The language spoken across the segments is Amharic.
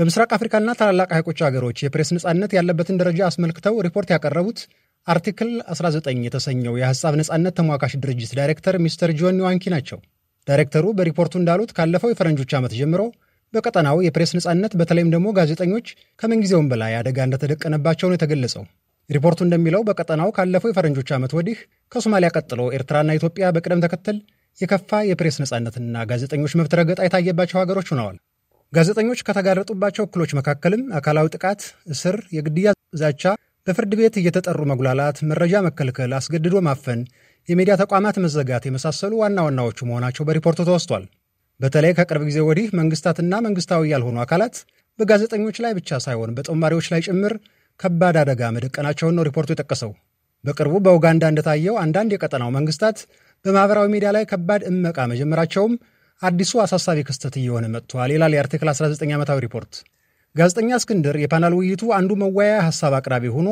በምስራቅ አፍሪካና ታላላቅ ሐይቆች ሀገሮች የፕሬስ ነጻነት ያለበትን ደረጃ አስመልክተው ሪፖርት ያቀረቡት አርቲክል 19 የተሰኘው የሐሳብ ነጻነት ተሟካሽ ድርጅት ዳይሬክተር ሚስተር ጆን ኒዋንኪ ናቸው። ዳይሬክተሩ በሪፖርቱ እንዳሉት ካለፈው የፈረንጆች ዓመት ጀምሮ በቀጠናው የፕሬስ ነጻነት በተለይም ደግሞ ጋዜጠኞች ከምንጊዜውም በላይ አደጋ እንደተደቀነባቸው ነው የተገለጸው። ሪፖርቱ እንደሚለው በቀጠናው ካለፈው የፈረንጆች ዓመት ወዲህ ከሶማሊያ ቀጥሎ ኤርትራና ኢትዮጵያ በቅደም ተከተል የከፋ የፕሬስ ነጻነትና ጋዜጠኞች መብት ረገጣ የታየባቸው ሀገሮች ሆነዋል። ጋዜጠኞች ከተጋረጡባቸው እክሎች መካከልም አካላዊ ጥቃት፣ እስር፣ የግድያ ዛቻ፣ በፍርድ ቤት እየተጠሩ መጉላላት፣ መረጃ መከልከል፣ አስገድዶ ማፈን፣ የሚዲያ ተቋማት መዘጋት የመሳሰሉ ዋና ዋናዎቹ መሆናቸው በሪፖርቱ ተወስቷል። በተለይ ከቅርብ ጊዜ ወዲህ መንግስታትና መንግስታዊ ያልሆኑ አካላት በጋዜጠኞች ላይ ብቻ ሳይሆን በጦማሪዎች ላይ ጭምር ከባድ አደጋ መደቀናቸውን ነው ሪፖርቱ የጠቀሰው። በቅርቡ በኡጋንዳ እንደታየው አንዳንድ የቀጠናው መንግስታት በማኅበራዊ ሚዲያ ላይ ከባድ እመቃ መጀመራቸውም አዲሱ አሳሳቢ ክስተት እየሆነ መጥቷል ይላል የአርቲክል 19 ዓመታዊ ሪፖርት። ጋዜጠኛ እስክንድር የፓናል ውይይቱ አንዱ መወያያ ሀሳብ አቅራቢ ሆኖ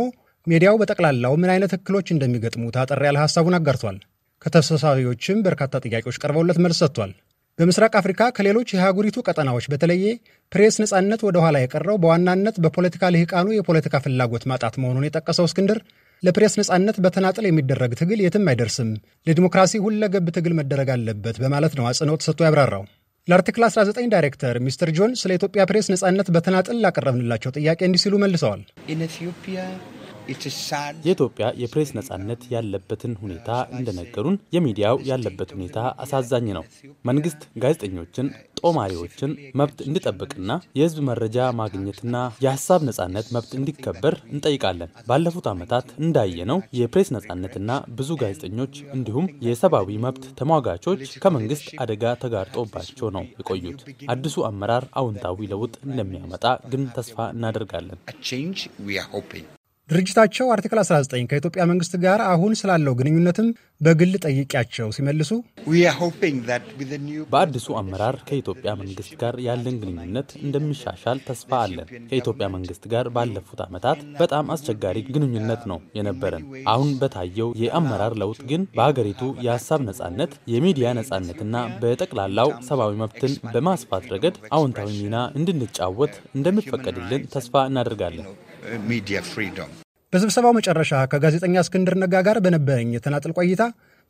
ሜዲያው በጠቅላላው ምን አይነት እክሎች እንደሚገጥሙት አጠር ያለ ሀሳቡን አጋርቷል። ከተሰብሳቢዎችም በርካታ ጥያቄዎች ቀርበውለት መልስ ሰጥቷል። በምስራቅ አፍሪካ ከሌሎች የሀገሪቱ ቀጠናዎች በተለየ ፕሬስ ነጻነት ወደ ኋላ የቀረው በዋናነት በፖለቲካ ልሂቃኑ የፖለቲካ ፍላጎት ማጣት መሆኑን የጠቀሰው እስክንድር ለፕሬስ ነጻነት በተናጠል የሚደረግ ትግል የትም አይደርስም፣ ለዲሞክራሲ ሁለገብ ትግል መደረግ አለበት በማለት ነው አጽንኦት ሰጥቶ ያብራራው። ለአርቲክል 19 ዳይሬክተር ሚስተር ጆን ስለ ኢትዮጵያ ፕሬስ ነጻነት በተናጠል ላቀረብንላቸው ጥያቄ እንዲህ ሲሉ መልሰዋል። ኢን ኢትዮጵያ የኢትዮጵያ የፕሬስ ነጻነት ያለበትን ሁኔታ እንደነገሩን የሚዲያው ያለበት ሁኔታ አሳዛኝ ነው። መንግስት ጋዜጠኞችን፣ ጦማሪዎችን መብት እንዲጠብቅና የህዝብ መረጃ ማግኘትና የሀሳብ ነጻነት መብት እንዲከበር እንጠይቃለን። ባለፉት ዓመታት እንዳየነው የፕሬስ ነጻነትና ብዙ ጋዜጠኞች እንዲሁም የሰብአዊ መብት ተሟጋቾች ከመንግስት አደጋ ተጋርጦባቸው ነው የቆዩት። አዲሱ አመራር አዎንታዊ ለውጥ እንደሚያመጣ ግን ተስፋ እናደርጋለን። ድርጅታቸው አርቲክል 19 ከኢትዮጵያ መንግስት ጋር አሁን ስላለው ግንኙነትም በግል ጠይቂያቸው ሲመልሱ በአዲሱ አመራር ከኢትዮጵያ መንግስት ጋር ያለን ግንኙነት እንደሚሻሻል ተስፋ አለን። ከኢትዮጵያ መንግስት ጋር ባለፉት ዓመታት በጣም አስቸጋሪ ግንኙነት ነው የነበረን። አሁን በታየው የአመራር ለውጥ ግን በሀገሪቱ የሀሳብ ነጻነት፣ የሚዲያ ነጻነትና በጠቅላላው ሰብአዊ መብትን በማስፋት ረገድ አዎንታዊ ሚና እንድንጫወት እንደሚፈቀድልን ተስፋ እናደርጋለን። ሚዲያ ፍሪዶም። በስብሰባው መጨረሻ ከጋዜጠኛ እስክንድር ነጋ ጋር በነበረኝ የተናጥል ቆይታ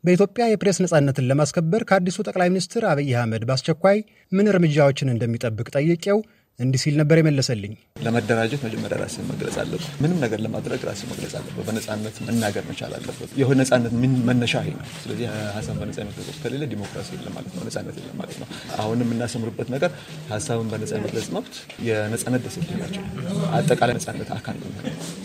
በኢትዮጵያ የፕሬስ ነጻነትን ለማስከበር ከአዲሱ ጠቅላይ ሚኒስትር አብይ አህመድ በአስቸኳይ ምን እርምጃዎችን እንደሚጠብቅ ጠይቄው እንዲህ ሲል ነበር የመለሰልኝ። ለመደራጀት መጀመሪያ ራስን መግለጽ አለበት። ምንም ነገር ለማድረግ ራስን መግለጽ አለበት። በነጻነት መናገር መቻል አለበት። የሆነ ነጻነት ምን መነሻ ይሄ ነው። ስለዚህ ሀሳብ በነጻ መግለጽ ከሌለ ዲሞክራሲ የለም ማለት ነው፣ ነጻነት የለም ማለት ነው። አሁን የምናሰምርበት ነገር ሀሳብን በነጻ መግለጽ መብት የነጻነት ደሴት ናቸው፣ አጠቃላይ ነጻነት አካል ነው።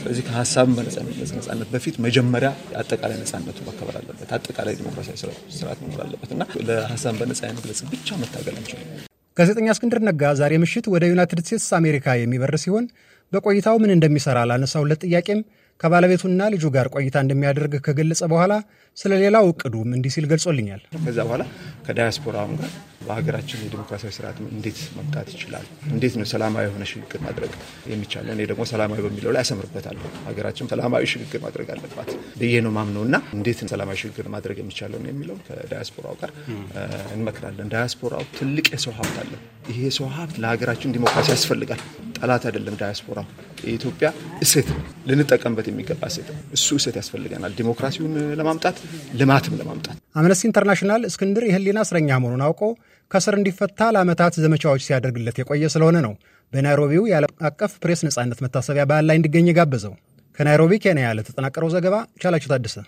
ስለዚህ ከሀሳብን በነጻ መግለጽ ነጻነት በፊት መጀመሪያ አጠቃላይ ነጻነቱ መከበር አለበት። አጠቃላይ ዲሞክራሲያዊ ስርዓት መኖር አለበት እና ለሀሳብን በነጻ መግለጽ ብቻ መታገል አንችልም። ጋዜጠኛ እስክንድር ነጋ ዛሬ ምሽት ወደ ዩናይትድ ስቴትስ አሜሪካ የሚበር ሲሆን በቆይታው ምን እንደሚሰራ ላነሳውለት ጥያቄም ከባለቤቱና ልጁ ጋር ቆይታ እንደሚያደርግ ከገለጸ በኋላ ስለ ሌላው እቅዱም እንዲህ ሲል ገልጾልኛል። ከዛ በኋላ ከዳያስፖራውን ጋር በሀገራችን የዲሞክራሲያዊ ስርዓት እንዴት መምጣት ይችላል፣ እንዴት ነው ሰላማዊ የሆነ ሽግግር ማድረግ የሚቻለው? እኔ ደግሞ ሰላማዊ በሚለው ላይ ያሰምርበታለሁ። ሀገራችን ሰላማዊ ሽግግር ማድረግ አለባት ብዬ ነው ማምነው እና እንዴት ሰላማዊ ሽግግር ማድረግ የሚቻለው የሚለው ከዳያስፖራው ጋር እንመክራለን። ዳያስፖራው ትልቅ የሰው ሀብት አለ። ይሄ የሰው ሀብት ለሀገራችን ዲሞክራሲ ያስፈልጋል። ጠላት አይደለም። ዳያስፖራ የኢትዮጵያ እሴት ልንጠቀምበት የሚገባ እሴት ነው። እሱ እሴት ያስፈልገናል፣ ዲሞክራሲውን ለማምጣት ልማትም ለማምጣት። አምነስቲ ኢንተርናሽናል እስክንድር የህሊና እስረኛ መሆኑን አውቆ ከስር እንዲፈታ ለዓመታት ዘመቻዎች ሲያደርግለት የቆየ ስለሆነ ነው በናይሮቢው የዓለም አቀፍ ፕሬስ ነጻነት መታሰቢያ በዓል ላይ እንዲገኝ የጋበዘው። ከናይሮቢ ኬንያ ለተጠናቀረው ዘገባ ቻላቸው ታደሰ